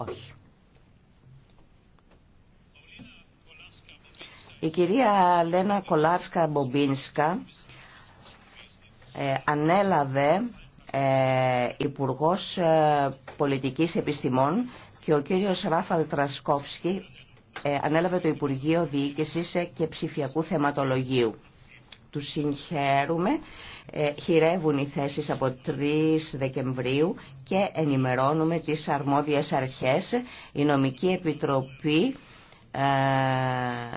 Όχι. Η κυρία Λένα Κολάρσκα Μπομπίνσκα ε, ανέλαβε ε, Υπουργός ε, Πολιτικής Επιστημών και ο κύριος Ράφαλ Τρασκόφσκι ε, ανέλαβε το Υπουργείο Διοίκησης και Ψηφιακού Θεματολογίου του συγχαίρουμε. Ε, χειρεύουν οι θέσεις από 3 Δεκεμβρίου και ενημερώνουμε τις αρμόδιες αρχές. Η Νομική Επιτροπή ε,